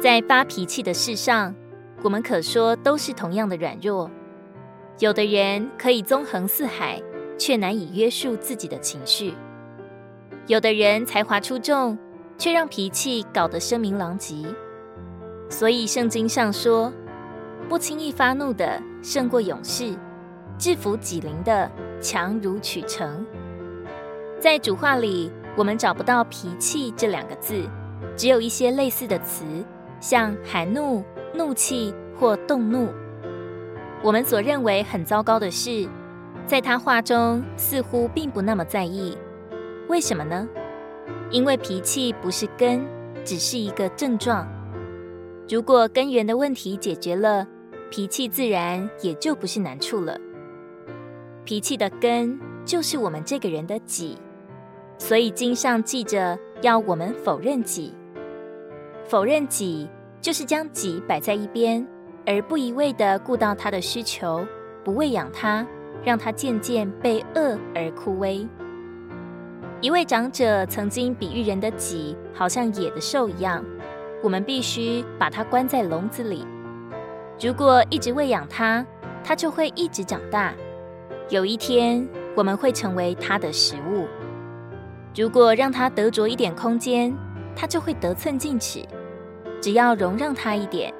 在發脾氣的事上，我們可說都是同樣的軟弱。有的人可以縱橫四海，卻難以約束自己的情緒；有的人才華出眾，卻讓脾氣搞得聲名狼藉。所以聖經上說：“不輕易發怒的勝過勇士，治服己靈的強如取城。”在主話裡，我們找不到“脾氣”這兩個字，只有一些類似的詞。像含怒、怒氣或動怒，我們所認為很糟糕的事，在他話中似乎並不那麼在意。為什麼呢？因為脾氣不是根，只是一個症狀。如果根源的問題解決了，脾氣自然也就不是難處了。脾氣的根就是我們這個人的己，所以經上記着要我們否認己。否認己，就是將己擺在一邊，而不一味地顧到他的需求，不餵養他，讓他漸漸被餓而枯萎。一位長者曾經比喻人的己，好像野的獸一樣，我們必須把它關在籠子裡。如果一直餵養它，它就會一直長大。有一天，我們會成為它的食物。如果讓它得着一點空間，它就會得寸進尺。只要容讓他一點，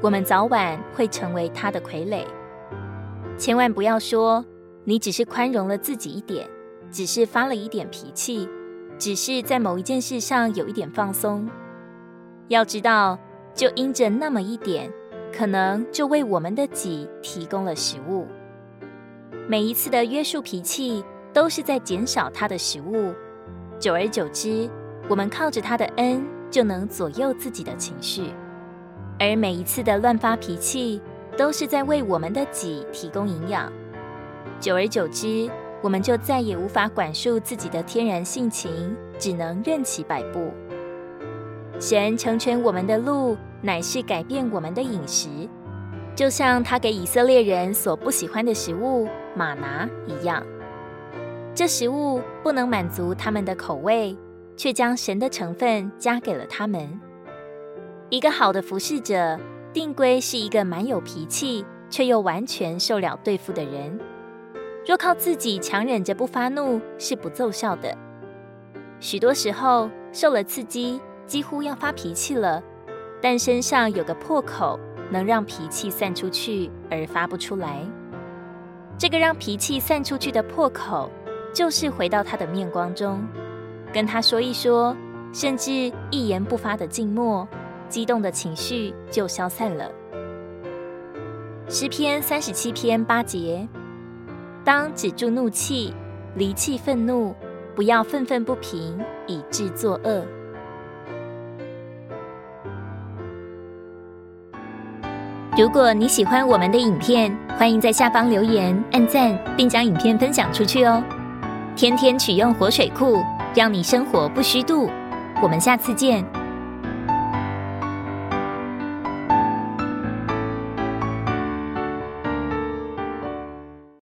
我們早晚會成為他的傀儡。千萬不要說你只是寬容了自己一點，只是發了一點脾氣，只是在某一件事上有一點放鬆。要知道，就因着那麼一點，可能就為我們的己提供了食物。每一次的約束脾氣，都是在減少他的食物。久而久之，我們靠着他的恩。就能左右自己的情緒，而每一次的亂發脾氣，都是在為我們的己提供營養。久而久之，我們就再也無法管束自己的天然性情，只能任其擺布。神成全我們的路，乃是改變我們的飲食，就像他給以色列人所不喜歡的食物瑪拿一樣，這食物不能滿足他們的口味。卻將神的成分加給了他們。一個好的服侍者，定規是一個蠻有脾氣，卻又完全受了對付的人。若靠自己強忍着不發怒，是不奏效的。許多時候，受了刺激，幾乎要發脾氣了，但身上有個破口，能讓脾氣散出去而發不出來。這個讓脾氣散出去的破口，就是回到他的面光中。跟他說一說，甚至一言不發的靜默，激動的情緒就消散了。詩篇三十七篇八節：當止住怒氣，離棄憤怒，不要憤憤不平，以致作惡。如果你喜歡我們的影片，歡迎在下方留言、按讚，並將影片分享出去哦！天天取用活水庫。讓你生活不虛度，我們下次見。